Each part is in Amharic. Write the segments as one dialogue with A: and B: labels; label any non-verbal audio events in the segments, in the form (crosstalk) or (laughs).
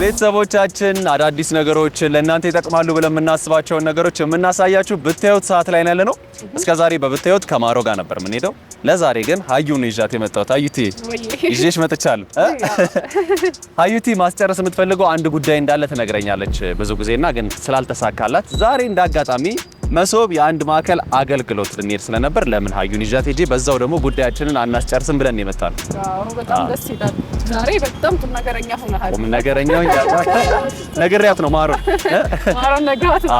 A: ቤተሰቦቻችን አዳዲስ ነገሮች ለእናንተ ይጠቅማሉ ብለን የምናስባቸውን ነገሮች የምናሳያችሁ ብታዩት ሰዓት ላይ ያለ ነው። እስከ ዛሬ በብታዩት ከማሮ ጋር ነበር የምንሄደው። ለዛሬ ግን ሀዩን ይዣት የመጣሁት ሀዩቲ ይዤሽ መጥቻለሁ። (laughs) ሀዩቲ ማስጨረስ የምትፈልገው አንድ ጉዳይ እንዳለ ትነግረኛለች ብዙ ጊዜና ግን ስላልተሳካላት ዛሬ እንዳጋጣሚ መሶብ የአንድ ማዕከል አገልግሎት ልንሄድ ስለነበር ለምን ሀዩን ይዣት ሄጄ በዛው ደግሞ ጉዳያችንን አናስጨርስም ብለን ይመጣል።
B: በጣም ደስ ይላል። ዛሬ በጣም ቁም ነገረኛ ሆነሃል።
A: ነው ማሮ
B: ማሮ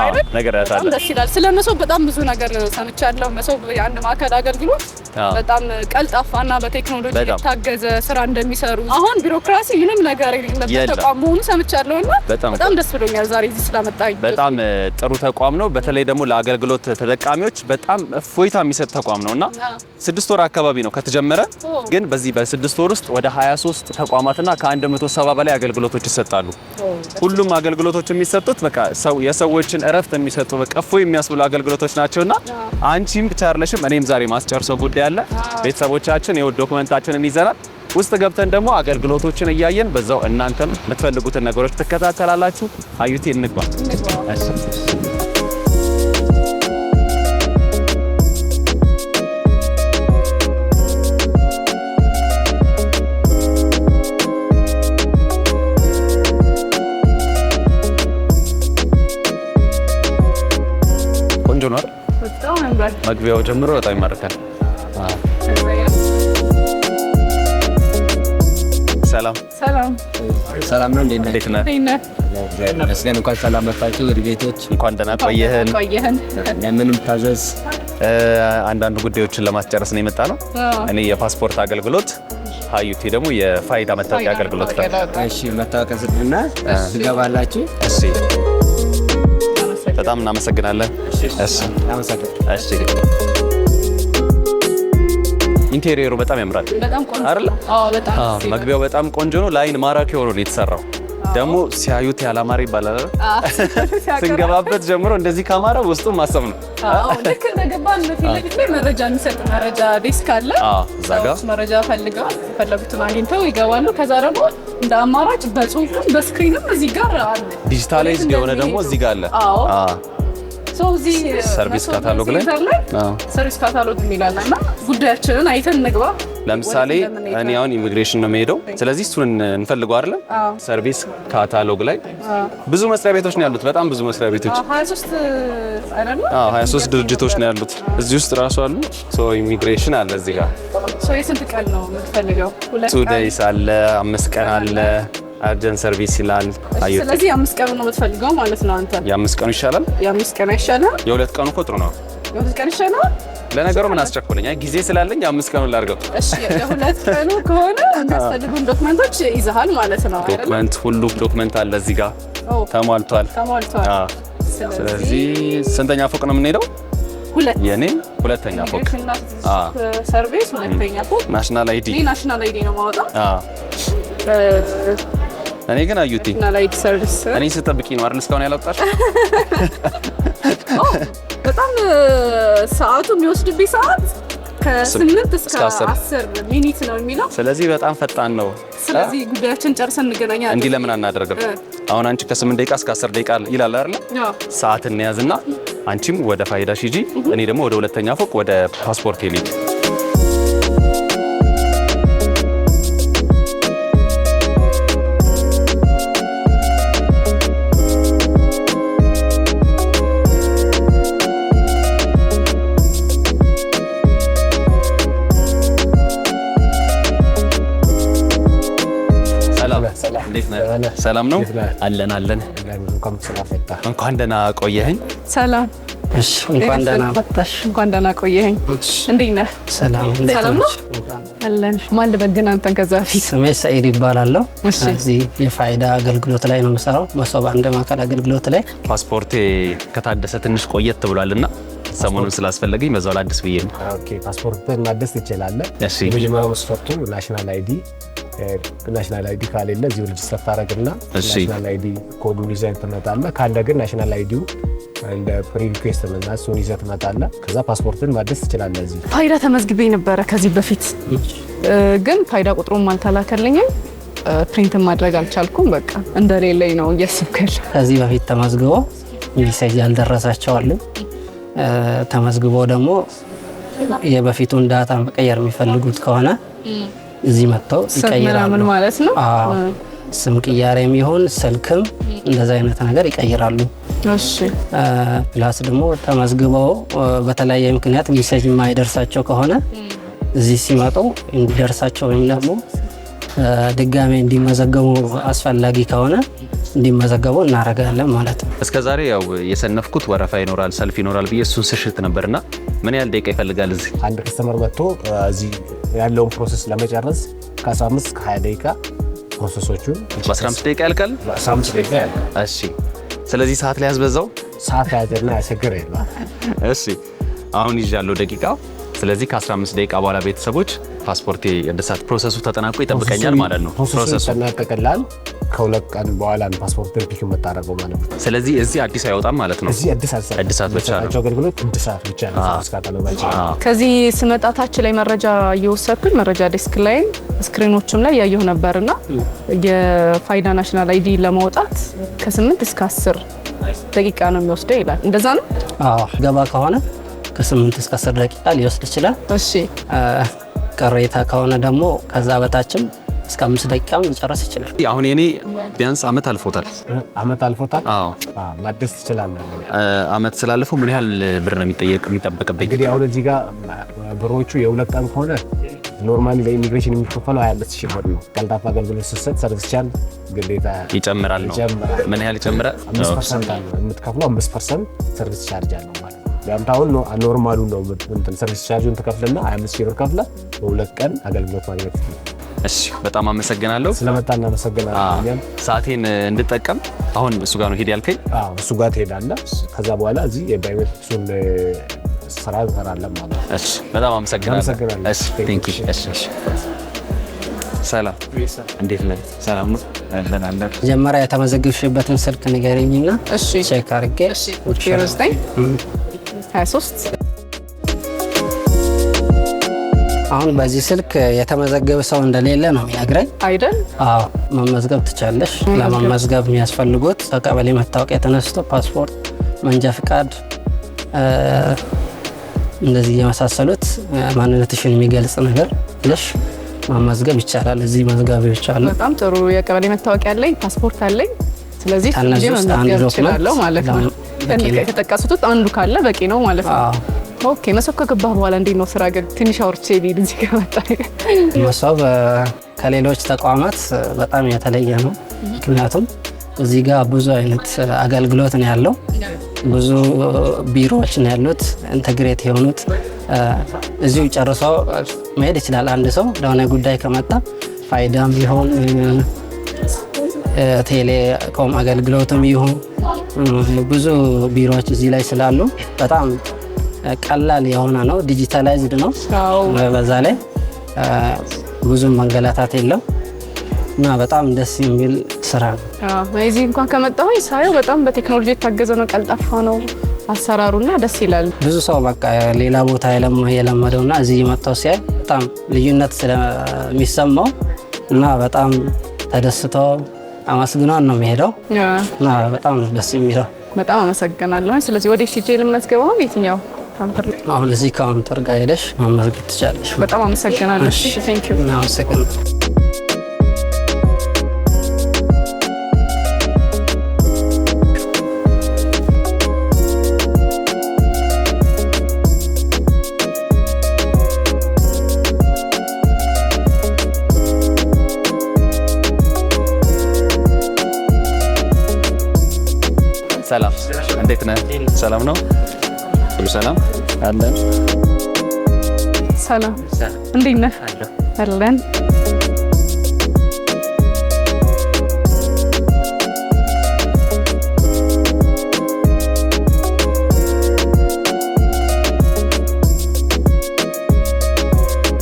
B: አይደል? አለ። ደስ ይላል። ስለ መሶብ በጣም ብዙ ነገር ሰምቻለሁ። መሶብ የአንድ ማዕከል አገልግሎት በጣም ቀልጣፋና በቴክኖሎጂ የታገዘ ስራ እንደሚሰሩ አሁን ቢሮክራሲ ምንም ነገር ተቋም መሆኑ በጣም ደስ ብሎኛል ዛሬ እዚህ
A: በጣም ጥሩ ተቋም ነው። በተለይ ደግሞ አገልግሎት ተጠቃሚዎች በጣም እፎይታ የሚሰጥ ተቋም ነው እና ስድስት ወር አካባቢ ነው ከተጀመረ። ግን በዚህ በስድስት ወር ውስጥ ወደ 23 ተቋማትና ከ170 በላይ አገልግሎቶች ይሰጣሉ። ሁሉም አገልግሎቶች የሚሰጡት በቃ የሰዎችን እረፍት የሚሰጡ በቃ እፎይ የሚያስብሉ አገልግሎቶች ናቸውና አንቺም ብቻ አይደለሽም። እኔም ዛሬ ማስጨርሰው ጉዳይ አለ። ቤተሰቦቻችን ይኸው ዶክመንታችንን ይዘናል። ውስጥ ገብተን ደግሞ አገልግሎቶችን እያየን በዛው እናንተም የምትፈልጉትን ነገሮች ትከታተላላችሁ። አዩቴ እንግባ። መግቢያው ጀምሮ በጣም ይማርካል። ሰላም ሰላም ነው። እንዴት ነህ? መስገን እንኳን ሰላም መጣችሁ ወደ ቤቶች። እንኳን ደህና ቆየህን። ለምን ታዘዝ? አንዳንድ ጉዳዮችን ለማስጨረስ ነው የመጣ ነው። እኔ የፓስፖርት አገልግሎት ሀዩቲ ደግሞ የፋይዳ መታወቂያ አገልግሎት ነው።
C: እሺ መታወቂያ ስድና ትገባላችሁ። እሺ
A: በጣም እናመሰግናለን። ኢንቴሪየሩ በጣም ያምራል መግቢያው በጣም ቆንጆ ነው። ለአይን ማራኪ ሆኖ ነው የተሰራው። ደግሞ ሲያዩት ያላማረ ይባላል። ስንገባበት ጀምሮ እንደዚህ ካማረ ውስጡ ማሰብ ነው።
B: ልክ እንደገባን በፊት ለፊት ላይ መረጃ የሚሰጥ መረጃ ዴስክ ካለ እዛ ጋ መረጃ ፈልገው የፈለጉትን አግኝተው ይገባሉ። ከዛ ደግሞ እንደ አማራጭ በጽሁፍም በስክሪንም እዚህ ጋር አለ።
A: ዲጂታላይዝ የሆነ ደግሞ እዚህ ጋር አለ። ሰርቪስ ካታሎግ ላይ
B: ሰርቪስ ካታሎግ የሚላል እና ጉዳያችንን አይተን ንግባ
A: ለምሳሌ እኔ አሁን ኢሚግሬሽን ነው የምሄደው፣ ስለዚህ እሱን እንፈልገው አይደለም። ሰርቪስ ካታሎግ ላይ ብዙ መስሪያ ቤቶች ነው ያሉት፣ በጣም ብዙ መስሪያ ቤቶች፣ 23 ድርጅቶች ነው ያሉት እዚህ ውስጥ ራሱ አሉ። ኢሚግሬሽን አለ እዚህ ጋር።
B: የስንት ቀን ነው የምትፈልገው?
A: ቱ ደይስ አለ፣ አምስት ቀን አለ አርጀንት ሰርቪስ ይላል።
B: ስለዚህ የአምስት ቀኑ ነው የምትፈልገው ማለት ነው አንተ።
A: የአምስት ቀኑ ይሻላል።
B: የአምስት ቀኑ ይሻላል።
A: የሁለት ቀኑ እኮ ጥሩ ነው።
B: የሁለት ቀኑ ይሻላል።
A: ለነገሩ ምን አስቸኮለኝ? ጊዜ ስላለኝ አምስት ቀኑ ላድርገው።
B: እሺ የሁለት ቀኑ ከሆነ የሚያስፈልጉን ዶክመንቶች ይዘሃል ማለት ነው።
A: ዶክመንት ሁሉ ዶክመንት አለ እዚህ ጋር ተሟልቷል፣
B: ተሟልቷል።
A: ስለዚህ ስንተኛ ፎቅ ነው የምንሄደው? የኔ ሁለተኛ ፎቅ
B: ሰርቪስ፣ ሁለተኛ ፎቅ ናሽናል አይዲ ናሽናል አይዲ ነው ማውጣት
A: እኔ ግን አዩቲ እኔ ስጠብቂ ነው አይደል? እስካሁን ያለውጣሽ
B: (laughs) በጣም ሰዓቱ የሚወስድብኝ ሰዓት ከስምንት እስከ አስር ሚኒት ነው የሚለው።
A: ስለዚህ በጣም ፈጣን ነው።
B: ስለዚህ ጉዳያችን ጨርሰን እንገናኛለን።
A: እንዲህ ለምን አናደርግም? አሁን አንቺ ከስምንት ደቂቃ እስከ አስር ደቂቃ ይላል አይደለ? ሰዓት እንያዝና አንቺም ወደ ፋይዳሽ ሂጂ፣ እኔ ደግሞ ወደ ሁለተኛ ፎቅ ወደ ፓስፖርት ሄልኝ ሰላም ነው
C: አለን አለን። እንኳን ደህና ቆየኸኝ። ሰላም እንኳን ደህና
B: መጣሽ። እንኳን ደህና ቆየኸኝ። እንዴት ነህ? ሰላም ነው አለን። ማን ልበግን አንተን? ከዛ በፊት
C: ስሜ ሰኢድ ይባላለሁ። እዚህ የፋይዳ አገልግሎት ላይ ነው የምሰራው፣ መሶብ አንድ ማዕከል አገልግሎት ላይ።
A: ፓስፖርቴ ከታደሰ ትንሽ ቆየት ብሏልና ሰሞኑን ስላስፈለገኝ በዛው ለአዲስ ብዬ ነው።
C: ፓስፖርት ማደስ ትችላለህ። የመጀመሪያው መስፈርቱ ናሽናል አይዲ ናሽናል አይዲ ካሌለ እዚሁ ልጅ ስታረግና ናሽናል አይዲ ኮዱን ይዘህ ትመጣለህ። ካለ ግን ናሽናል አይዲው እንደ ፕሪ ምና እና እሱን ይዘህ ትመጣለህ። ከዛ ፓስፖርትን ማደስ ትችላለህ። እዚህ
B: ፋይዳ ተመዝግቤ ነበረ ከዚህ በፊት ግን ፋይዳ ቁጥሩም አልተላከልኝም። ፕሪንት ማድረግ አልቻልኩም። በቃ እንደሌለኝ ነው እያስብከል
C: ከዚህ በፊት ተመዝግቦ ሚሴጅ ያልደረሳቸው ተመዝግቦ ደግሞ የበፊቱን ዳታ መቀየር የሚፈልጉት ከሆነ እዚህ መጥተው
B: ይቀይራሉ ማለት ነው።
C: ስም ቅያሬም የሚሆን ስልክም እንደዚ አይነት ነገር ይቀይራሉ። ፕላስ ደግሞ ተመዝግበው በተለያየ ምክንያት ሚሴጅ የማይደርሳቸው ከሆነ እዚህ ሲመጡ እንዲደርሳቸው ወይም ደግሞ ድጋሜ እንዲመዘገቡ አስፈላጊ ከሆነ እንዲመዘገቡ እናደርጋለን ማለት ነው።
A: እስከ ዛሬ ያው የሰነፍኩት ወረፋ ይኖራል፣ ሰልፍ ይኖራል ብዬ እሱን ስሽት ነበርና ምን ያህል ደቂቃ ይፈልጋል? እዚህ
C: አንድ ከስተመር መጥቶ እዚህ ያለውን ፕሮሰስ ለመጨረስ ከ15 ከ20 ደቂቃ ፕሮሰሶቹ
A: በ15 ደቂቃ ያልቃል። ደቂቃ ያልቃል። እሺ። ስለዚህ ሰዓት ላይ ያስበዛው
C: ሰዓት ያዘና ያስቸግር የለ።
A: እሺ። አሁን ይዣለሁ ደቂቃው ስለዚህ ከ15 ደቂቃ በኋላ ቤተሰቦች ፓስፖርቴ እድሳት ፕሮሰሱ ተጠናቆ ይጠብቀኛል ማለት ነው።
C: ፕሮሰሱ ይጠናቀቅላል። ከሁለት ቀን በኋላ ፓስፖርት ፒክ የምታደርገው ማለት ነው።
A: ስለዚህ እዚህ አዲስ አይወጣም ማለት ነው። እድሳት ብቻ ነው
C: አገልግሎት፣ እድሳት ብቻ ነው።
B: ከዚህ ስመጣ ታች ላይ መረጃ እየወሰድኩኝ መረጃ ዴስክ ላይም ስክሪኖችም ላይ ያየሁ ነበርና የፋይዳ ናሽናል አይዲ ለማውጣት ከ8 እስከ 10 ደቂቃ ነው የሚወስደው ይላል። እንደዛ ነው
C: ገባ ከሆነ ከ8 እስከ 10 ደቂቃ ሊወስድ ይችላል። እሺ ቅሬታ ከሆነ ደግሞ ከዛ በታችም እስከ አምስት ደቂቃ መጨረስ ይችላል።
A: አሁን የኔ ቢያንስ አመት አልፎታል
C: አመት አልፎታል። አዎ ማደስ ይችላል።
A: አመት ስላለፈ ምን ያህል ብር ነው የሚጠየቅ የሚጠበቅበት?
C: እንግዲህ አሁን እዚህ ጋር ብሮቹ የሁለት ቀን ከሆነ ኖርማሊ ለኢሚግሬሽን የሚከፈለው 25 ሺህ ብር ነው። ቀልጣፋ አገልግሎት ስትሰጥ ሰርቪስ ቻርጅ ግዴታ
A: ይጨምራል ነው። ምን ያህል ይጨምራል?
C: አምስት ፐርሰንት የምትከፍለው አምስት ፐርሰንት ሰርቪስ ቻርጅ አለው አንተ አሁን ኖርማሉ ነው ሰርቪስ ቻርጁን ተከፍልና 25 ሺህ ብር ከፍለ በሁለት ቀን አገልግሎት ማግኘት
A: እሺ በጣም አመሰግናለሁ።
C: ስለመጣ እናመሰግናለን።
A: ሰዓቴን እንድጠቀም አሁን እሱ ጋር ነው ሄድ ያልከኝ?
C: አዎ እሱ ጋር ትሄዳለህ። ከዛ በኋላ እዚህ የባዮሜትሪክሱን ስራ እንሰራለን ማለት ነው።
A: እሺ በጣም አመሰግናለሁ። እሺ እሺ እሺ ሰላም፣ እንዴት ነህ?
C: ሰላም ነው። መጀመሪያ የተመዘገብሽበትን ስልክ ንገረኝና ቼክ አድርጌ
B: 23
C: አሁን በዚህ ስልክ የተመዘገበ ሰው እንደሌለ ነው የሚነግረኝ አይደል? አዎ፣ መመዝገብ ትቻለሽ። ለመመዝገብ የሚያስፈልጉት ከቀበሌ መታወቂያ የተነስቶ ፓስፖርት፣ መንጃ ፍቃድ እንደዚህ የመሳሰሉት ማንነትሽን የሚገልጽ ነገር ብለሽ መመዝገብ ይቻላል። እዚህ መዝገብ ይቻላል።
B: በጣም ጥሩ። የቀበሌ መታወቂያ አለኝ፣ ፓስፖርት አለኝ። ስለዚህ
C: መመዝገብ እችላለሁ ማለት
B: ነው። የተጠቀሱት ውስጥ አንዱ ካለ በቂ ነው ማለት ነው። ኦኬ መሶብ ከገባህ በኋላ እንዴት ነው ስራ ግን? ትንሽ አውርቼ ልሂድ እዚህ ከመጣ
C: መሶብ ከሌሎች ተቋማት በጣም የተለየ ነው። ምክንያቱም እዚህ ጋር ብዙ አይነት አገልግሎት ነው ያለው። ብዙ ቢሮዎች ነው ያሉት ኢንተግሬት የሆኑት እዚሁ ጨርሶ መሄድ ይችላል። አንድ ሰው ለሆነ ጉዳይ ከመጣ ፋይዳም ይሆን ቴሌኮም አገልግሎትም ይሁን ብዙ ቢሮዎች እዚህ ላይ ስላሉ በጣም ቀላል የሆነ ነው። ዲጂታላይዝድ ነው። በዛ ላይ ብዙም መንገላታት የለም እና በጣም ደስ የሚል ስራ ነው።
B: እዚህ እንኳን ከመጣሁኝ ሳየው በጣም በቴክኖሎጂ የታገዘ ነው። ቀልጣፋ ነው እና ደስ ይላል።
C: ብዙ ሰው በቃ ሌላ ቦታ የለመደው እና እዚህ መጥተው ሲያይ በጣም ልዩነት ስለሚሰማው እና በጣም ተደስተው አመስግኗን ነው የሚሄደው። በጣም ደስ የሚለው
B: በጣም አመሰግናለሁ። ስለዚህ ወደ ሂጄ ልመዝገበው የትኛው
C: አሁን እዚህ ካውንተር ጋር ሄደሽ መመዝገብ ትቻለሽ።
B: በጣም አመሰግናለሁ።
A: ሰላም፣ እንዴት ነህ? ሰላም ነው? ሁሉ ሰላም
C: አለን።
B: ሰላም፣ እንዴት ነህ? አለን።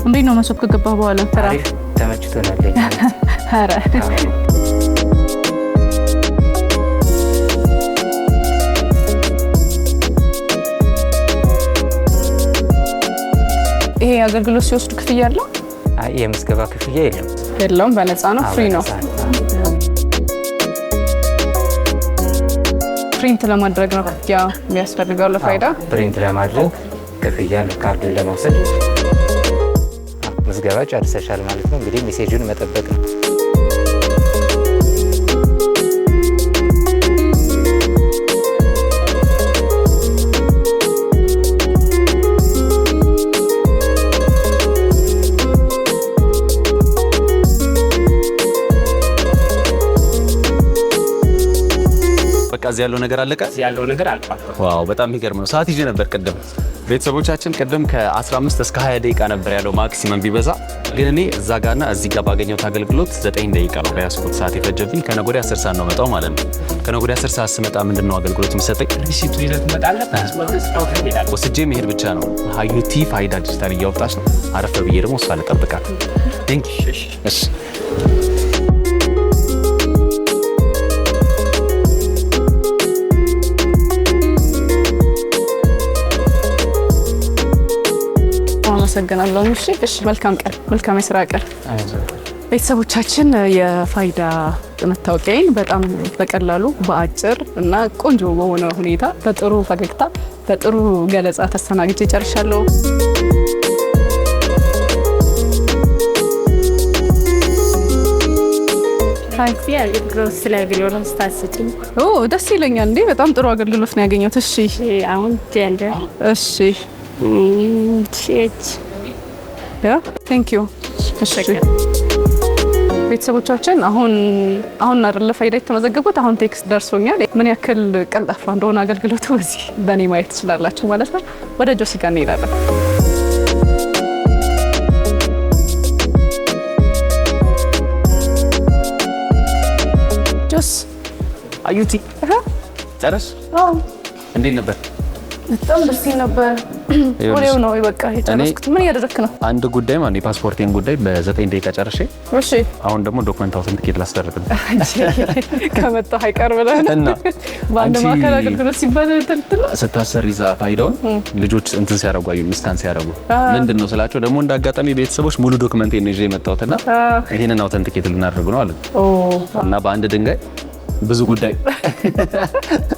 B: እንዴት ነው መሶብ ከገባህ በኋላ
C: ተራ ተመችቶናል?
B: (laughs) ይሄ አገልግሎት ሲወስዱ ክፍያ አለው?
C: የምዝገባ ክፍያ የለም፣
B: የለውም። በነፃ ነው፣ ፍሪ ነው። ፕሪንት ለማድረግ ነው ክፍያ የሚያስፈልገው ለፋይዳ።
C: ፕሪንት ለማድረግ ክፍያ፣ ካርድን ለመውሰድ ምዝገባ ጨርሰሻል ማለት ነው። እንግዲህ ሜሴጁን መጠበቅ ነው።
A: እዚህ ያለው ነገር አለቀ፣
C: ያለው ነገር አልቋል።
A: ዋው በጣም የሚገርም ነው። ሰዓት ይዤ ነበር ቅድም። ቤተሰቦቻችን ቅድም ከ15 እስከ 20 ደቂቃ ነበር ያለው ማክሲመም ቢበዛ፣ ግን እኔ እዛ ጋርና እዚህ ጋር ባገኘሁት አገልግሎት 9 ደቂቃ ነው በያዝኩት ሰዓት የፈጀብኝ። ከነጎዳ 10 ሰዓት ነው መጣው ማለት ነው። ከነጎዳ 10 ሰዓት ስመጣ ምንድን ነው አገልግሎት የሚሰጠኝ? ወስጄ መሄድ ብቻ ነው። ሀዩቲ ፋይዳ ዲጂታል እያወጣች ነው። አረፈ ብዬ ደግሞ እሷ ልጠብቃት።
B: አመሰግናለሁ። እሺ፣ እሺ፣ መልካም ቀን፣ መልካም የስራ ቀን። ቤተሰቦቻችን የፋይዳ መታወቂያዬን በጣም በቀላሉ በአጭር እና ቆንጆ በሆነ ሁኔታ በጥሩ ፈገግታ በጥሩ ገለጻ ተስተናግጄ ጨርሻለሁ። ደስ ይለኛል እንዴ! በጣም ጥሩ አገልግሎት ነው ያገኘሁት። እሺ፣ አሁን እሺ ቴንኪዩ። ቤተሰቦቻችን አሁን አሁን አይደለ ፋይዳ የተመዘገቡት፣ አሁን ቴክስት ደርሶኛል። ምን ያክል ቀልጣፋ እንደሆነ አገልግሎቱ በዚህ በእኔ ማየት ትችላላችሁ ማለት ነው። ወደ ጆሲ ጋር እንሄዳለን።
A: ጆስ አዩቲ ጨረስ። እንዴት ነበር?
B: በጣም ደስ ነበር። ወሬው ነው በቃ የጨረስኩት። ምን እያደረክ ነው?
A: አንድ ጉዳይ ማለት የፓስፖርቴን ጉዳይ በዘጠኝ ደቂቃ ጨርሼ፣ እሺ አሁን ደግሞ ዶክመንት አውተንቲኬት ላስደርግ ነው።
B: ከመጣሁ አይቀር ብለህ ነው በአንድ ማዕከል አገልግሎት ሲባል
A: ስታሰር ይዛ ፋይዳውን ልጆች እንትን ሲያደርጉ አየሁ፣ ሚስታን ሲያደርጉ ምንድን ነው ስላቸው፣ ደግሞ እንደ አጋጣሚ ቤተሰቦች ሙሉ ዶክመንቴን ነው ይዤ የመጣሁትና ይህንን አውተንቲኬት ልናደርጉ ነው አለ እና በአንድ ድንጋይ ብዙ ጉዳይ (laughs)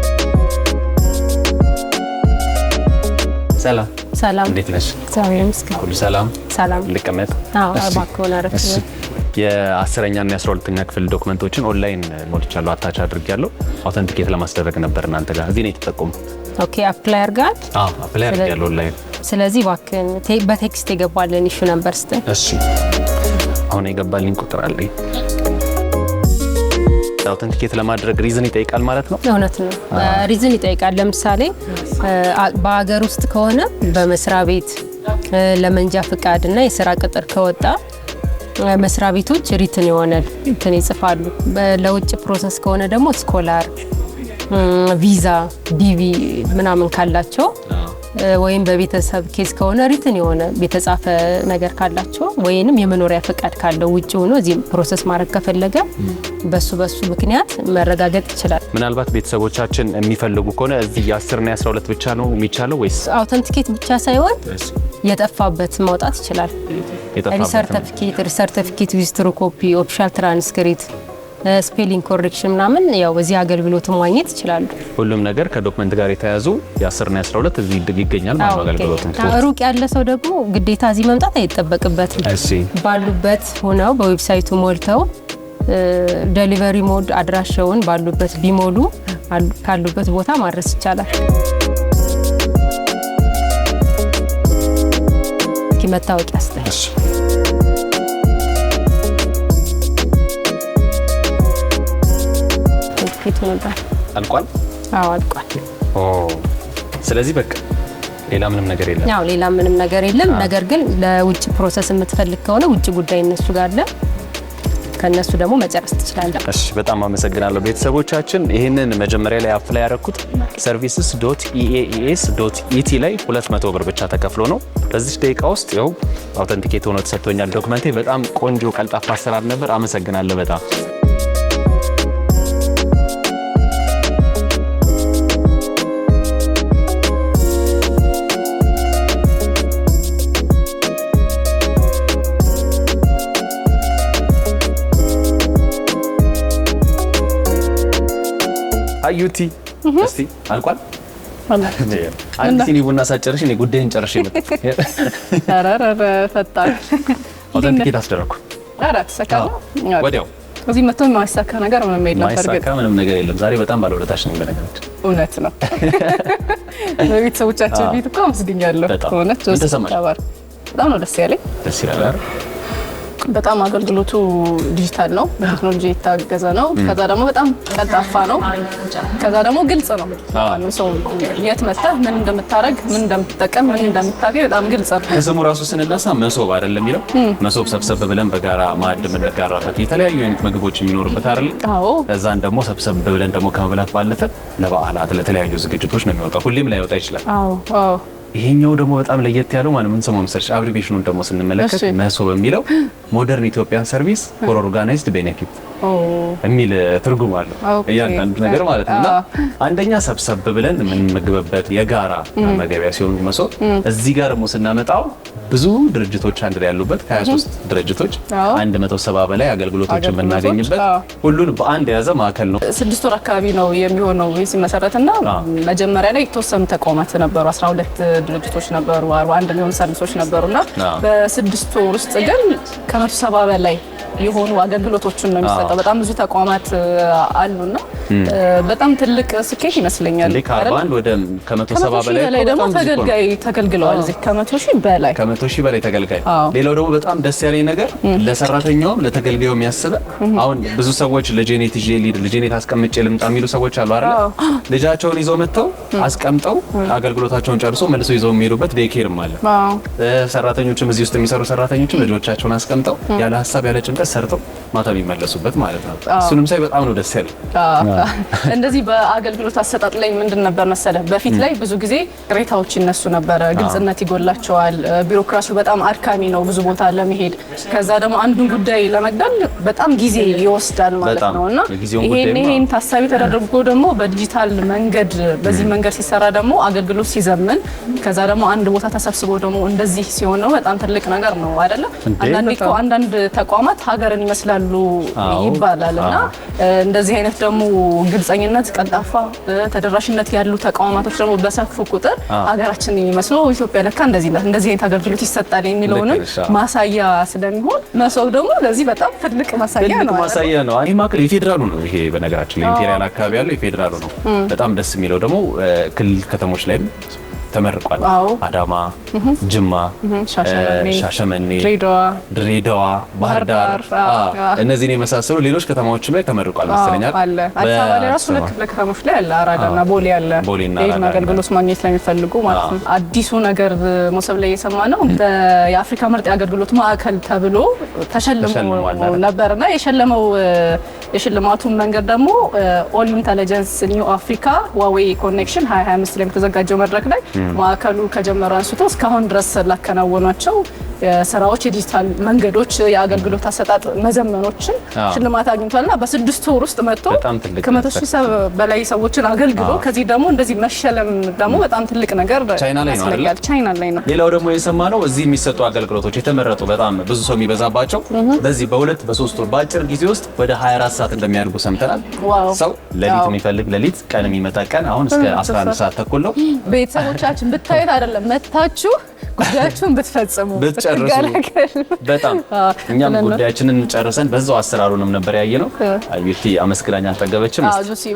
A: ሰላም ሰላም፣ እንዴት ነሽ? ሁሉ ሰላም ሰላም። ልቀመጥ። የአስረኛ እና የአስራ ሁለተኛ ክፍል ዶክመንቶችን ኦንላይን ሞልቻለሁ፣ አታች አድርጌያለሁ። አውተንቲኬት ለማስደረግ ነበር እናንተ ጋር። እዚህ ነው
B: ኦኬ፣ አፕላይ አድርገሃል?
A: አዎ፣ አፕላይ አድርጌያለሁ ኦንላይን።
B: ስለዚህ እባክህን በቴክስት የገባልን ኢሹ ነበር
A: እሺ፣ አሁን የገባልኝ ቁጥር አለኝ አውተንቲኬት ለማድረግ ሪዝን ይጠይቃል ማለት ነው።
B: እውነት ነው፣ ሪዝን ይጠይቃል። ለምሳሌ በሀገር ውስጥ ከሆነ በመስሪያ ቤት ለመንጃ ፍቃድ እና የስራ ቅጥር ከወጣ መስሪያ ቤቶች ሪትን የሆነ እንትን ይጽፋሉ። ለውጭ ፕሮሰስ ከሆነ ደግሞ ስኮላር ቪዛ ዲቪ ምናምን ካላቸው ወይም በቤተሰብ ኬዝ ከሆነ ሪትን የሆነ የተጻፈ ነገር ካላቸው ወይንም የመኖሪያ ፈቃድ ካለው ውጭ ሆኖ እዚህ ፕሮሰስ ማድረግ ከፈለገ በሱ በሱ ምክንያት መረጋገጥ ይችላል።
A: ምናልባት ቤተሰቦቻችን የሚፈልጉ ከሆነ እዚህ የ10 እና የ12 ብቻ ነው የሚቻለው ወይስ
B: አውተንቲኬት ብቻ ሳይሆን የጠፋበት ማውጣት ይችላል? ሪሰርተፊኬት፣ ሪሰርተፊኬት ዊዝ ትሩ ኮፒ፣ ኦፊሻል ትራንስክሪት ስፔሊንግ ኮሬክሽን ምናምን ያው በዚህ አገልግሎት ማግኘት ይችላሉ።
A: ሁሉም ነገር ከዶክመንት ጋር የተያዙ የ10ና 12 እዚህ ይገኛል ማለት ነው። አገልግሎት
B: ሩቅ ያለ ሰው ደግሞ ግዴታ እዚህ መምጣት አይጠበቅበትም። ባሉበት ሆነው በዌብሳይቱ ሞልተው ደሊቨሪ ሞድ አድራሻውን ባሉበት ቢሞሉ ካሉበት ቦታ ማድረስ ይቻላል። መታወቂያ ስጠኝ። ነበር። አልቋል? አዎ አልቋል። ኦ
A: ስለዚህ በቃ ሌላ ምንም ነገር የለም።
B: ያው ሌላ ምንም ነገር የለም። ነገር ግን ለውጭ ፕሮሰስ የምትፈልግ ከሆነ ውጭ ጉዳይ እነሱ ጋር አለ። ከነሱ ደግሞ መጨረስ ትችላለህ።
A: እሺ፣ በጣም አመሰግናለሁ። ቤተሰቦቻችን ይህንን መጀመሪያ ላይ አፕላይ ያደረኩት ሰርቪስስ ዶት ኢኤኢኤስ ዶት ኢቲ ላይ 200 ብር ብቻ ተከፍሎ ነው። በዚህ ደቂቃ ውስጥ ይኸው አውተንቲኬት ሆኖ ተሰጥቶኛል ዶክመንቴ። በጣም ቆንጆ ቀልጣፋ አሰራር ነበር። አመሰግናለሁ በጣም ዩቲ እስቲ አልቋል። አንድ ሲኒ ቡና ሳጨርሽ እኔ ጉዳይን ጨርሽ ይመጣ
B: አራራራ ፈጣን
A: ኦተንቲኬት አስደረኩ። ወዲያው
B: እዚህ መጥቶ የማይሳካ ነገር ምንም የለም።
A: ማይሳካ ምንም ነገር የለም። ዛሬ በጣም ባለውለታሽ ነው። በነገራችን
B: እውነት ነው። (laughs) በቤተሰቦቻችን ቤት እኮ አመስግኛለሁ። እውነት ተሰማሽ? በጣም ነው ደስ ያለኝ። ደስ ይላል። በጣም አገልግሎቱ ዲጂታል ነው፣ በቴክኖሎጂ የታገዘ ነው። ከዛ ደግሞ በጣም ቀልጣፋ ነው። ከዛ ደግሞ ግልጽ ነው። ሰው የት መጥተህ ምን እንደምታደርግ፣ ምን እንደምትጠቀም፣ ምን እንደምታገኝ በጣም ግልጽ ነው።
A: ከስሙ ራሱ ስንነሳ መሶብ አይደለም የሚለው መሶብ ሰብሰብ ብለን በጋራ ማዕድ የምንጋራበት የተለያዩ አይነት ምግቦች የሚኖርበት አይደለም። እዛን ደግሞ ሰብሰብ ብለን ደግሞ ከመብላት ባለፈ ለበዓላት፣ ለተለያዩ ዝግጅቶች ነው የሚወጣው። ሁሌም ላይወጣ ይችላል። ይሄኛው ደግሞ በጣም ለየት ያለው ማለት ምን ስሙ መሰለሽ፣ አብሪቬሽኑን ደግሞ ስንመለከት መሶ በሚለው ሞደርን ኢትዮጵያን ሰርቪስ ፎር ኦርጋናይዝድ ቤኔፊት የሚል ትርጉም አለው እያንዳንዱ ነገር ማለት እና አንደኛ ሰብሰብ ብለን የምንመግብበት የጋራ መገቢያ ሲሆን መሶ፣ እዚህ ጋር ደግሞ ስናመጣው ብዙ ድርጅቶች አንድ ላይ ያሉበት ከ23 ድርጅቶች 170 በላይ አገልግሎቶች የምናገኝበት ሁሉን በአንድ የያዘ ማዕከል ነው።
B: ስድስት ወር አካባቢ ነው የሚሆነው ሲመሰረት እና መጀመሪያ ላይ የተወሰኑ ተቋማት ነበሩ 12 ድርጅቶች ነበሩ፣ አርባ አንድ የሚሆኑ ሰርቪሶች ነበሩና በስድስት ወር ውስጥ ግን ከመቶ ሰባ በላይ የሆኑ አገልግሎቶችን ነው የሚሰጠው። በጣም ብዙ ተቋማት አሉና በጣም ትልቅ ስኬት ይመስለኛል።
A: ከመቶ በላይ
B: ደግሞ ተገልጋይ ተገልግለዋል። እዚህ ከመቶ ሺህ በላይ
A: ከመቶ ሺህ በላይ ተገልጋይ። ሌላው ደግሞ በጣም ደስ ያለኝ ነገር ለሰራተኛውም ለተገልጋዩ የሚያስበ አሁን ብዙ ሰዎች ልጄኔት ይዤ ልሂድ ልጄኔት አስቀምጬ ልምጣ የሚሉ ሰዎች አሉ አይደል? ልጃቸውን ይዘው መጥተው አስቀምጠው አገልግሎታቸውን ጨርሶ መልሶ ይዘው የሚሄዱበት ዴኬርም አለ። ሰራተኞችም እዚህ ውስጥ የሚሰሩ ሰራተኞችም ልጆቻቸውን አስቀምጠው ያለ ሀሳብ ያለ ጭንቀት cierto ማታ የሚመለሱበት ማለት ነው። እሱንም ሳይ በጣም ነው ደስ ያለኝ።
B: (laughs) እንደዚህ በአገልግሎት አሰጣጥ ላይ ምንድን ነበር መሰለ፣ በፊት ላይ ብዙ ጊዜ ቅሬታዎች ይነሱ ነበረ። ግልጽነት ይጎላቸዋል፣ ቢሮክራሲው በጣም አድካሚ ነው ብዙ ቦታ ለመሄድ ከዛ ደግሞ አንዱን ጉዳይ ለመግዳል በጣም ጊዜ ይወስዳል ማለት ነው እና ይሄን ይሄን ታሳቢ ተደርጎ ደግሞ በዲጂታል መንገድ በዚህ መንገድ ሲሰራ ደግሞ አገልግሎት ሲዘምን ከዛ ደግሞ አንድ ቦታ ተሰብስቦ ደግሞ እንደዚህ ሲሆን ነው በጣም ትልቅ ነገር ነው አይደለ? አንዳንድ ተቋማት ሀገርን ይመስላል ያሉ ይባላል እና እንደዚህ አይነት ደግሞ ግልጸኝነት፣ ቀልጣፋ ተደራሽነት ያሉ ተቋማቶች ደግሞ በሰፉ ቁጥር ሀገራችን የሚመስሉ ኢትዮጵያ ለካ እንደዚህ እንደዚህ አይነት አገልግሎት ይሰጣል የሚለውንም ማሳያ ስለሚሆን መሶብ ደግሞ ለዚህ በጣም ትልቅ ማሳያ
A: ነው ማሳያ ነው። ማክል የፌዴራሉ ነው ይሄ በነገራችን ላይ ኢንቴሪያን አካባቢ ያለው የፌዴራሉ ነው። በጣም ደስ የሚለው ደግሞ ክልል ከተሞች ላይም ተመርቋል። አዳማ፣ ጅማ፣ ሻሸመኔ፣ ድሬዳዋ፣ ባህር ዳር እነዚህን የመሳሰሉ ሌሎች ከተማዎችም ላይ ተመርቋል መሰለኛል።
B: አዲስ አበባ ራሱ ክፍለ ከተሞች ላይ አለ፣ አራዳና ቦሌ አለ። ይህን አገልግሎት ማግኘት ለሚፈልጉ ማለት ነው። አዲሱ ነገር ሞሰብ ላይ የሰማ ነው። የአፍሪካ ምርጥ የአገልግሎት ማዕከል ተብሎ ተሸልሞ ነበር ነበርና የሸለመው የሽልማቱን መንገድ ደግሞ ኦል ኢንተለጀንስ ኒው አፍሪካ ዋዌ ኮኔክሽን 2025 ላይ በተዘጋጀው መድረክ ላይ ማዕከሉ ከጀመረ አንስቶ እስካሁን ድረስ ላከናወኗቸው ስራዎች፣ የዲጂታል መንገዶች፣ የአገልግሎት አሰጣጥ መዘመኖችን ሽልማት አግኝቷልና በስድስት ወር ውስጥ መጥቶ ከመቶ ሺህ በላይ ሰዎችን አገልግሎ ከዚህ ደግሞ እንደዚህ መሸለም ደግሞ በጣም ትልቅ ነገር ያስፈልጋል። ቻይና ላይ ነው።
A: ሌላው ደግሞ የሰማ ነው እዚህ የሚሰጡ አገልግሎቶች የተመረጡ በጣም ብዙ ሰው የሚበዛባቸው በዚህ በሁለት በሶስት ወር በአጭር ጊዜ ውስጥ ወደ 24 ሰዓት እንደሚያድጉ ሰምተናል። ሰው ለሊት የሚፈልግ ለሊት ቀን የሚመጣ ቀን አሁን እስከ 11 ሰዓት ተኩል ነው።
B: ቤተሰቦቻችን ብታዩት አይደለም መታችሁ ጉዳያችሁን ብትፈጽሙ
A: ብትገላገል በጣም እኛም ጉዳያችንን ጨርሰን በዛው አሰራሩንም ነበር ያየ ነው። አዩቲ አመስግናኝ አልጠገበችም።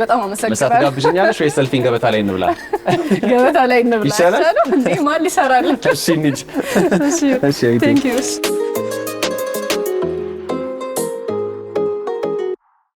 A: በጣም አመሰግናለሁ። ምሳ ትጋብዥኛለሽ ወይ ሰልፊን ገበታ ላይ እንብላ? (laughs)
B: ገበታ ላይ እንብላ ይሻላል። ማን ሊሰራል? እሺ እንሂድ። እሺ ቴንክ ዩ